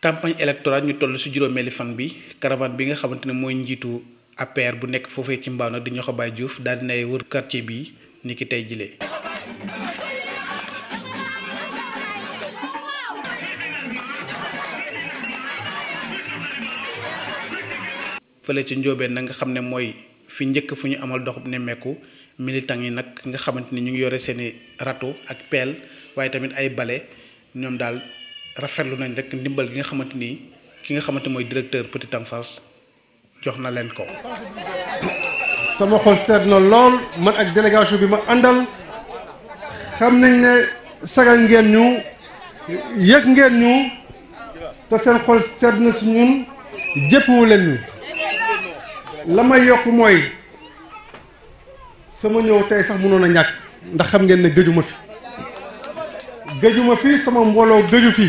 campagne électorale ñu toll ci juróom fan bi caravane bi nga xamante ne mooy njiitu APR bu nekk foofee ci Mbao nag di Niokh Baye wër quartier bi ni tey jilee fële ci njóobeen nag nga xam ne mooy fi njëkk fu ñu amal doxub nemmeeku militant yi nag nga xamante ni ñu ngi yore seeni râteau ak pelle waaye tamit ay bale ñoom daal rafetlu nañ rek ndimbal gi nga xamante nii ki nga xamante mooy directeur Petite Enfance jox na leen ko. sama xol seet na lool man ak délégation bi ma àndal xam nañ ne sagal ngeen ñu yëg ngeen ñu te seen xol sedd na si ñun jëppuwu leen ñu la may yokk mooy sama ñëw tey sax mënoon a ñàkk ndax xam ngeen ne gëju ma fi géjuma fi sama mbooloo gëju fi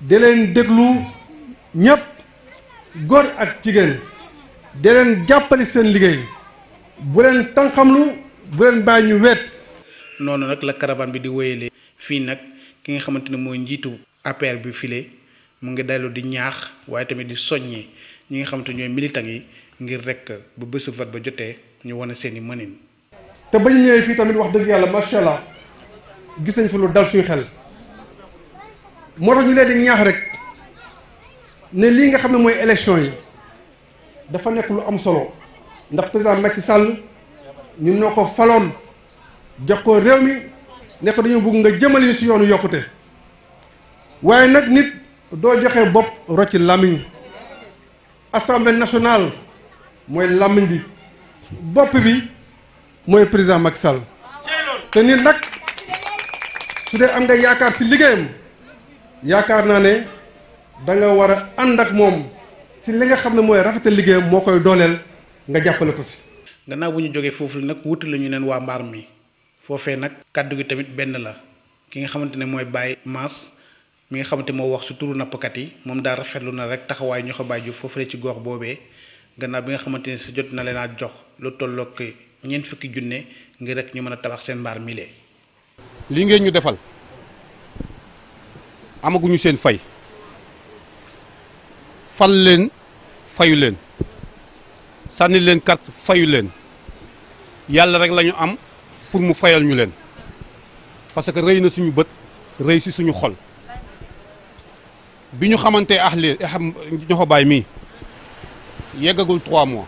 di leen déglu ñépp góor ak jigéen di leen jàppali seen liggéey bu leen lu bu leen bàyyi ñu weet noonu nag la caravane bi di wéyalee fii nag ki nga xamante ne mooy njiitu APR bi file mu ngi dellu di ñaax waaye tamit di soññee ñu nga xamante ñooy militant yi ngir rek bu bésu vote ba jotee ñu wane seen i mënin te bañ ñëwee fii tamit wax dëgg yàlla macha allah gis nañ fi lu dal suñu xel moo tax ñu leen di ñaax rek ne lii nga xam ne mooy élection yi dafa nekk lu am solo ndax président Macky Sall ñun noo ko faloon jox ko réew mi ne ko bugg nga jëmal ñu si yoonu yokkute waaye nag nit doo joxe bopp rocci làmmiñ assemblée nationale mooy làmmiñ bi bopp bi mooy président Macky Sall te nit nag su dee am nga yaakaar si liggéeyam yaakaar naa ne da nga war a ànd ak moom ci li nga xam ne mooy rafetal liggéeyam moo koy dooleel nga jàppale ko si. gannaaw bu ñu jógee foofu la nag wutal la ñu neen waa mbaar mi foofee nag kàddu gi tamit benn la ki nga xamante ne mooy bàyyi Mass mi nga xamante moo wax su turu nappkat yi moom daal rafetlu na rek taxawaay ñu ko bàyyi foofu la ci gox boobee gannaaw bi nga xamante ne si jot na leen a jox lu tollook ñeent fukki junne ngir rek ñu mën a tabax seen mbaar mile. li ngeen ñu defal. Je seen fay fal leen fayu leen leen carte fayu leen rek lañu am pour mu fayal ñu parce que rëy na suñu beut si suñu xol biñu xamanté ahli trois mois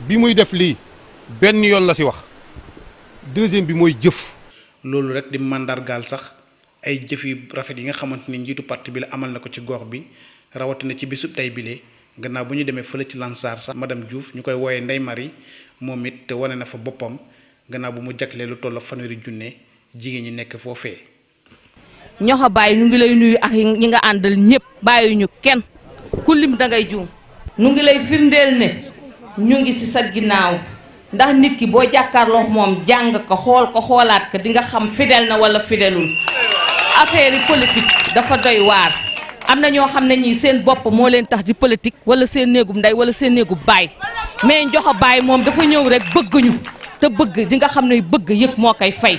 bi muy def li la si wax deuxième bi moy jëf lolu rek di mandargal sax ay jëf yu rafet yi nga xamante ni njiitu parti bi la amal na ko ci gox bi rawatina ci bisub tey bile gannaaw bu ñu demee fële ci Lansar sax madame Diouf ñu koy wooyee Ndeye Marie moom it wane na fa boppam gannaaw bu mu jaglee lu toll fanweeri junne jigéen ñi nekk foofee. ñoxa bàyyi ñu ngi lay nuyu ak ñi nga àndal ñëpp bàyyiwuñu kenn ku lim ngay juum ñu ngi lay firndeel ne ñu ngi ci sa ginnaaw ndax nit ki boo jàkkaarloo moom jàng ko xool ko xoolaat ko di nga xam fidèle na wala fidèlul affaire yi politique dafa doy waar am na ñoo xam ne ñii seen bopp moo leen tax di politique wala seen néegub ndey wala seen néegub baay mais njoxo baay moom dafa ñëw rek bëgguñu te bëgg di nga xam ne bëgg yëpp moo koy fay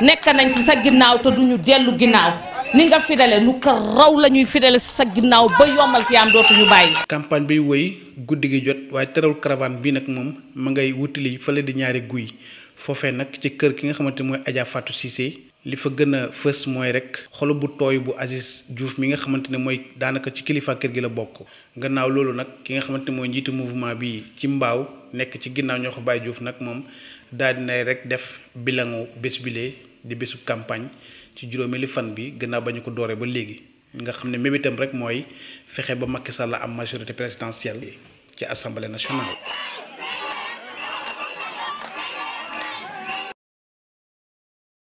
nekk nañ si sa ginnaaw te duñu dellu ginnaaw ni nga fidale nu ko raw la ñuy fidale si sa ginnaaw ba yombal fi am dootuñu bàyyi. campagne bi woy guddi gi jot waaye terewul caravane bi nag moom mu ngay wuti wutali fële di ñaari guy foofee nag ci kër ki nga xamante mooy Adja Fatou Cissé. li fa gën a fës mooy rek xolu bu tooy bu Aziz Diouf mi nga xamante ne mooy daanaka ci kilifa kër gi la bokk gannaaw loolu nag ki nga xamante ne mooy njiitu mouvement bi ci mbaaw nekk ci ginnaaw ñoo ko Baye nag moom daal dinay rek def bilangu bés bile di bésu campagne ci juróomeeli fan bi gannaaw ba ñu ko dooree ba léegi nga xam ne mébitam rek mooy fexe ba Macky Sall am majorité présidentielle ci assemblée nationale